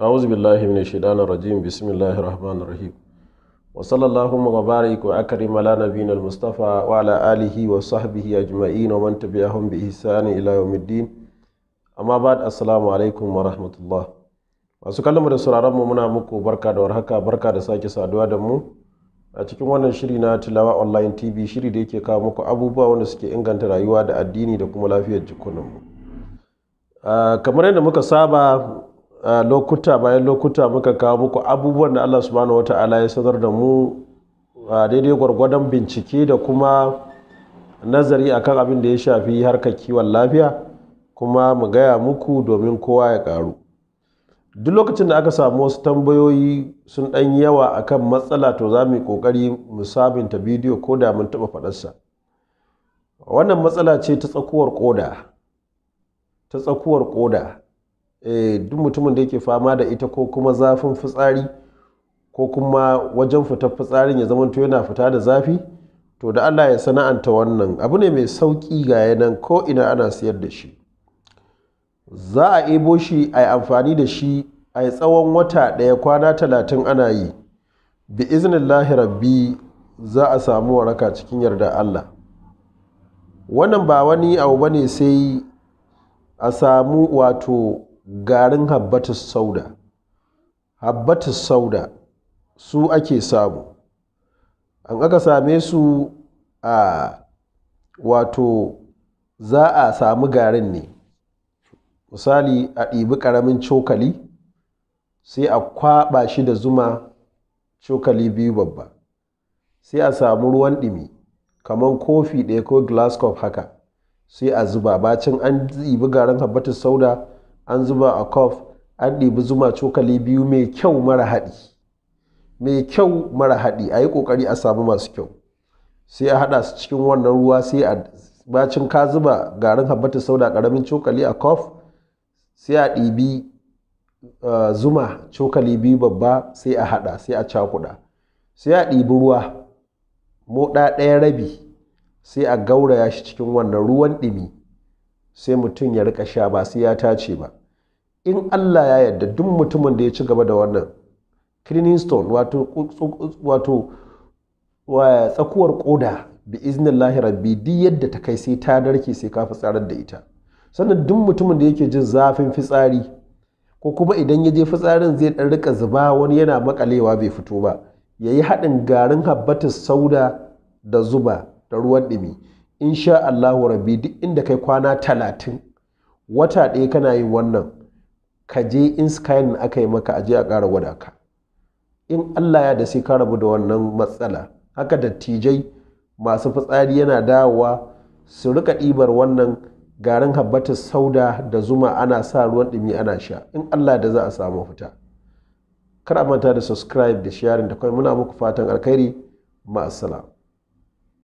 أعوذ بالله من الشيطان الرجيم بسم الله الرحمن الرحيم وصلى اللهم وبارك وأكرم على نبينا المصطفى وعلى آله وصحبه أجمعين ومن تبعهم بإحسان إلى يوم الدين أما بعد السلام عليكم ورحمة الله masu kallon da sauraron mu muna muku barka da warhaka barka da sake saduwa da mu a cikin wannan shiri na tilawa online tv shiri da yake kawo muku abubuwa wanda suke inganta rayuwa da addini da kuma lafiyar jikunan mu kamar yadda muka saba lokuta bayan lokuta muka kawo muku abubuwan da Allah subhanahu ta'ala ya sanar da mu a daidai gwargwadon bincike da kuma nazari akan abin da ya shafi harkar kiwon lafiya kuma mu gaya muku domin kowa ya karu duk lokacin da aka samu wasu tambayoyi sun ɗan yawa akan matsala to za mu yi ƙoƙari mu sabinta bidiyo ko da mun taɓa faɗarsa wannan matsala ce ta tsakuwar ƙoda ta tsakuwar ƙoda Eh, duk mutumin da yake fama da ita ko kuma zafin fitsari ko kuma wajen fitar fitsarin ya zama yana fita da zafi to da Allah ya sana'anta wannan abu ne mai sauƙi ga yanan ko ina ana siyar da shi za a ebo shi a yi amfani da shi a yi tsawon wata ɗaya kwana talatin ana yi bi iznin rabbi za a samu waraka cikin yarda Allah wannan ba wani abu ba ne sai a samu wato garin habbatus sauda habbatus sauda su ake samu an aka same su a wato za a samu garin ne misali a ɗibi ƙaramin cokali sai a kwaɓa shi da zuma cokali biyu babba sai a samu ruwan ɗimi kamar kofi ɗaya ko glass haka sai a zuba bacin an ɗibi garin habbatus sauda an zuba a kof an ɗibi zuma cokali biyu mai kyau mara haɗi mai kyau mara haɗi a yi ƙoƙari a samu masu kyau sai a haɗa su cikin wannan ruwa sai a bacin ka zuba garin habbatu sauda ƙaramin cokali a kof sai a ɗibi eh, zuma cokali biyu babba sai a haɗa sai a cakuɗa sai a ɗibi ruwa moɗa ɗaya rabi sai a gauraya shi cikin wannan ruwan ɗimi sai mutum ya rika sha ba sai ya tace ba in Allah ya yarda duk mutumin da ya ci gaba da wannan kidney stone wato wato tsakuwar koda bi iznillahi rabbi duk yadda ta kai sai ta darke sai ka fitsarar da ita sannan duk mutumin da yake jin zafin fitsari ko kuma idan ya je fitsarin zai dan rika zuba wani yana makalewa bai fito ba ya yi haɗin garin habbatus sauda da zuba da ruwan ɗumi insha Allahu rabi duk inda kai kwana talatin wata ɗaya kana yi wannan ka je in skyline aka yi maka aje a ƙara gwada ka in Allah ya da sai ka rabu da wannan matsala haka dattijai masu fitsari yana dawowa su rika ɗibar wannan garin habbatar sauda da zuma ana sa ruwan ɗumi ana sha in Allah da za a samu fita kar a manta da subscribe da sharing da kawai muna muku fatan alkhairi ma'assalam